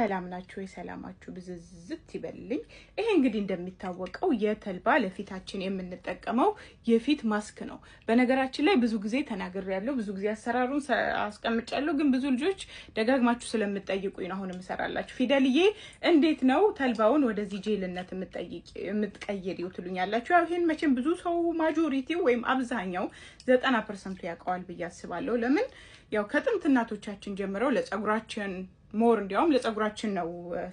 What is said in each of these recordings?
ሰላም ናችሁ? የሰላማችሁ ብዝዝት ይበልልኝ። ይሄ እንግዲህ እንደሚታወቀው የተልባ ለፊታችን የምንጠቀመው የፊት ማስክ ነው። በነገራችን ላይ ብዙ ጊዜ ተናግሬያለሁ፣ ብዙ ጊዜ አሰራሩን አስቀምጫለሁ። ግን ብዙ ልጆች ደጋግማችሁ ስለምጠይቁኝ ነው አሁን የምሰራላችሁ። ፊደልዬ እንዴት ነው ተልባውን ወደዚህ ጄልነት የምትቀይሪው ትሉኛላችሁ። ያው ይህን መቼም ብዙ ሰው ማጆሪቲው ወይም አብዛኛው ዘጠና ፐርሰንቱ ያውቀዋል ብዬ አስባለሁ። ለምን ያው ከጥንት እናቶቻችን ጀምረው ለጸጉራችን ሞር እንዲያውም ለፀጉራችን ነው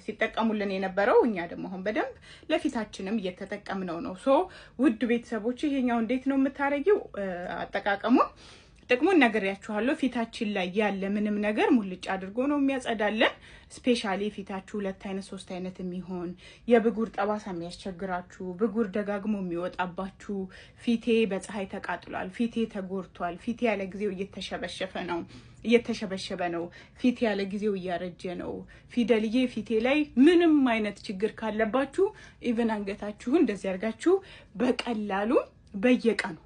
ሲጠቀሙልን የነበረው። እኛ ደግሞ አሁን በደንብ ለፊታችንም እየተጠቀምነው ነው። ሶ ውድ ቤተሰቦች ይሄኛው እንዴት ነው የምታረጊው አጠቃቀሙን ደግሞ እነግሬያችኋለሁ። ፊታችን ላይ ያለ ምንም ነገር ሙልጭ አድርጎ ነው የሚያጸዳለን። ስፔሻሊ ፊታችሁ ሁለት አይነት ሶስት አይነት የሚሆን የብጉር ጠባሳ የሚያስቸግራችሁ፣ ብጉር ደጋግሞ የሚወጣባችሁ፣ ፊቴ በፀሐይ ተቃጥሏል፣ ፊቴ ተጎድቷል፣ ፊቴ ያለ ጊዜው እየተሸበሸፈ ነው እየተሸበሸበ ነው፣ ፊቴ ያለ ጊዜው እያረጀ ነው፣ ፊደልዬ ፊቴ ላይ ምንም አይነት ችግር ካለባችሁ ኢቨን አንገታችሁን እንደዚህ አድርጋችሁ በቀላሉ በየቀኑ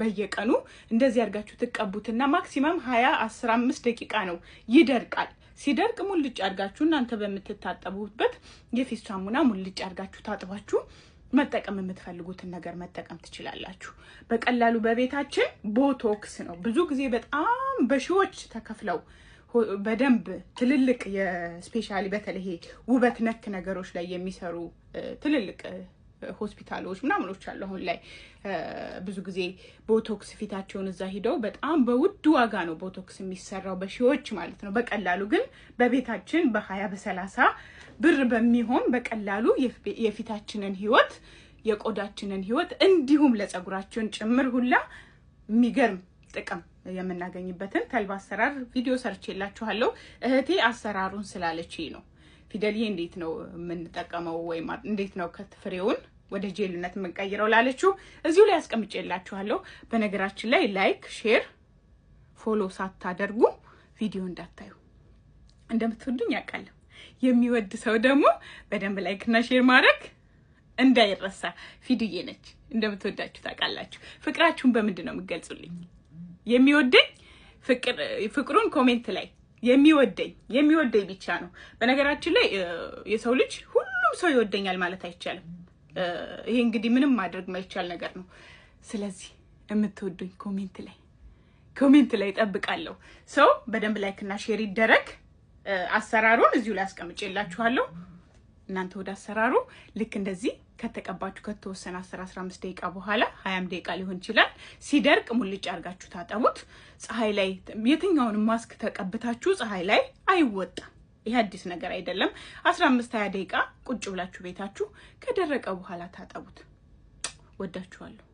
በየቀኑ እንደዚህ አድርጋችሁ ትቀቡትና ማክሲመም ሀያ አስራ አምስት ደቂቃ ነው ይደርቃል። ሲደርቅ ሙልጭ አድርጋችሁ እናንተ በምትታጠቡበት የፊት ሳሙና ሙልጭ አድርጋችሁ ታጥባችሁ መጠቀም የምትፈልጉትን ነገር መጠቀም ትችላላችሁ። በቀላሉ በቤታችን ቦቶክስ ነው ብዙ ጊዜ በጣም በሺዎች ተከፍለው በደንብ ትልልቅ የስፔሻሊ በተለይ ውበት ነክ ነገሮች ላይ የሚሰሩ ትልልቅ ሆስፒታሎች ምናምኖች አሉ። አሁን ላይ ብዙ ጊዜ ቦቶክስ ፊታቸውን እዛ ሂደው በጣም በውድ ዋጋ ነው ቦቶክስ የሚሰራው በሺዎች ማለት ነው። በቀላሉ ግን በቤታችን በሀያ በሰላሳ ብር በሚሆን በቀላሉ የፊታችንን ህይወት የቆዳችንን ህይወት እንዲሁም ለፀጉራችን ጭምር ሁላ የሚገርም ጥቅም የምናገኝበትን ተልባ አሰራር ቪዲዮ ሰርቼላችኋለሁ። እህቴ አሰራሩን ስላለች ነው ፊደልዬ እንዴት ነው የምንጠቀመው ወይም እንዴት ነው ከትፍሬውን ወደ ጄልነት የምንቀይረው ላለችው እዚሁ ላይ አስቀምጬላችኋለሁ። በነገራችን ላይ ላይክ፣ ሼር፣ ፎሎ ሳታደርጉ ቪዲዮ እንዳታዩ። እንደምትወዱኝ ያውቃለሁ። የሚወድ ሰው ደግሞ በደንብ ላይክና ሼር ማድረግ እንዳይረሳ። ፊድዬ ነች፣ እንደምትወዳችሁ ታውቃላችሁ። ፍቅራችሁን በምንድን ነው የምገልጹልኝ? የሚወደኝ ፍቅሩን ኮሜንት ላይ የሚወደኝ የሚወደኝ ብቻ ነው። በነገራችን ላይ የሰው ልጅ ሁሉም ሰው ይወደኛል ማለት አይቻልም። ይሄ እንግዲህ ምንም ማድረግ ማይቻል ነገር ነው። ስለዚህ የምትወዱኝ ኮሜንት ላይ ኮሜንት ላይ ጠብቃለሁ። ሰው በደንብ ላይክና ሼር ይደረግ። አሰራሩን እዚሁ ላይ አስቀምጬላችኋለሁ። እናንተ ወደ አሰራሩ ልክ እንደዚህ ከተቀባችሁ ከተወሰነ 10 15 ደቂቃ በኋላ 20 ደቂቃ ሊሆን ይችላል። ሲደርቅ ሙልጭ አርጋችሁ ታጠቡት። ፀሐይ ላይ የትኛውንም ማስክ ተቀብታችሁ ፀሐይ ላይ አይወጣም። ይሄ አዲስ ነገር አይደለም። 15 20 ደቂቃ ቁጭ ብላችሁ ቤታችሁ ከደረቀ በኋላ ታጠቡት። ወዳችኋለሁ።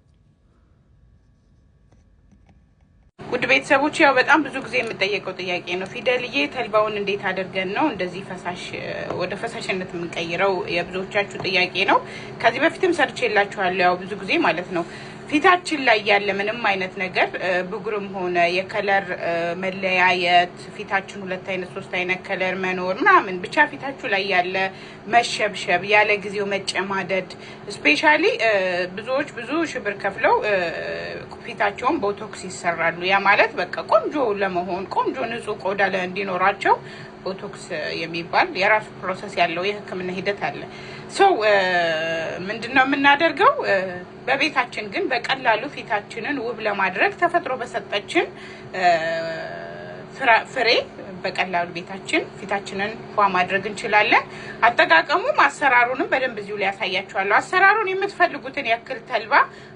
ውድ ቤተሰቦች ያው በጣም ብዙ ጊዜ የምጠየቀው ጥያቄ ነው። ፊደልዬ ተልባውን እንዴት አድርገን ነው እንደዚህ ፈሳሽ ወደ ፈሳሽነት የምንቀይረው? የብዙዎቻችሁ ጥያቄ ነው። ከዚህ በፊትም ሰርቼ ያው ብዙ ጊዜ ማለት ነው። ፊታችን ላይ ያለ ምንም አይነት ነገር ብጉርም ሆነ የከለር መለያየት ፊታችን ሁለት አይነት ሶስት አይነት ከለር መኖር ምናምን ብቻ ፊታችሁ ላይ ያለ መሸብሸብ፣ ያለ ጊዜው መጨማደድ ስፔሻሊ ብዙዎች ብዙ ሽብር ከፍለው ፊታቸውን ቦቶክስ ይሰራሉ። ያ ማለት በቃ ቆንጆ ለመሆን ቆንጆ ንጹህ ቆዳ እንዲኖራቸው ቦቶክስ የሚባል የራሱ ፕሮሰስ ያለው የህክምና ሂደት አለ። ሰው ምንድን ነው የምናደርገው? በቤታችን ግን በቀላሉ ፊታችንን ውብ ለማድረግ ተፈጥሮ በሰጠችን ፍሬ በቀላሉ ቤታችን ፊታችንን ፏ ማድረግ እንችላለን። አጠቃቀሙም አሰራሩንም በደንብ እዚሁ ላይ ያሳያችኋለሁ። አሰራሩን የምትፈልጉትን ያክል ተልባ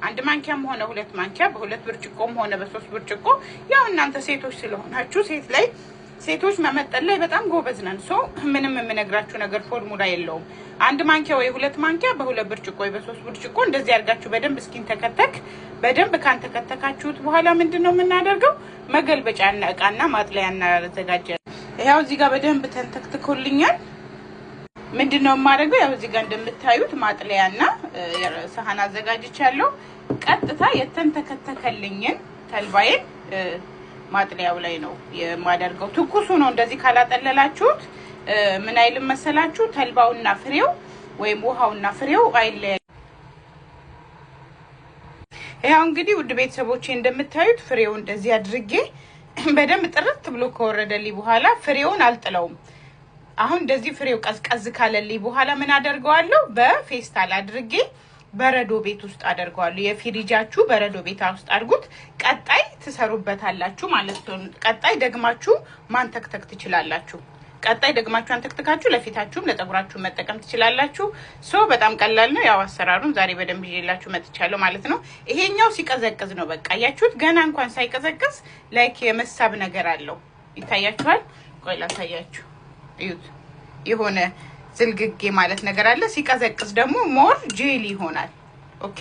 አንድ ማንኪያም ሆነ ሁለት ማንኪያ፣ በሁለት ብርጭቆም ሆነ በሶስት ብርጭቆ ያው እናንተ ሴቶች ስለሆናችሁ ሴት ላይ ሴቶች መመጠን ላይ በጣም ጎበዝ ነን። ሶ ምንም የምነግራችሁ ነገር ፎርሙላ የለውም። አንድ ማንኪያ ወይ ሁለት ማንኪያ በሁለት ብርጭቆ ወይ በሶስት ብርጭቆ እንደዚህ አድርጋችሁ በደንብ እስኪን ተከተክ በደንብ ካን ተከተካችሁት በኋላ ምንድን ነው የምናደርገው? እና እቃና ማጥለያ እናዘጋጀ። ያው እዚህ ጋር በደንብ ተንተክትኮልኛል። ምንድን ነው የማደርገው? ያው እዚህ ጋር እንደምታዩት ማጥለያና ሰሀን አዘጋጅቻለሁ። ቀጥታ የተንተከተከልኝን ተልባዬን ማጥለያው ላይ ነው የማደርገው። ትኩሱ ነው። እንደዚህ ካላጠለላችሁት ምን አይልም መሰላችሁ? ተልባውና ፍሬው ወይም ውሃውና ፍሬው አይለያ። ያው እንግዲህ ውድ ቤተሰቦቼ እንደምታዩት ፍሬው እንደዚህ አድርጌ በደንብ ጥርት ብሎ ከወረደልኝ በኋላ ፍሬውን አልጥለውም። አሁን እንደዚህ ፍሬው ቀዝቀዝ ካለልኝ በኋላ ምን አደርገዋለሁ? በፌስታል አድርጌ በረዶ ቤት ውስጥ አደርገዋለሁ። የፊሪጃችሁ በረዶ ቤት ውስጥ አድርጉት። ቀጣይ ትሰሩበታላችሁ ማለት ነው። ቀጣይ ደግማችሁ ማንተክተክ ትችላላችሁ። ቀጣይ ደግማችሁ አንተክትካችሁ ለፊታችሁም ለፀጉራችሁም መጠቀም ትችላላችሁ። ሶ በጣም ቀላል ነው። ያው አሰራሩን ዛሬ በደንብ ይዤላችሁ መጥቻለሁ ማለት ነው። ይሄኛው ሲቀዘቅዝ ነው በቃ እያችሁት። ገና እንኳን ሳይቀዘቅዝ ላይክ የመሳብ ነገር አለው። ይታያችኋል። ቆይ ላሳያችሁ። እዩት የሆነ ዝልግጌ ማለት ነገር አለ። ሲቀዘቅዝ ደግሞ ሞር ጄል ይሆናል። ኦኬ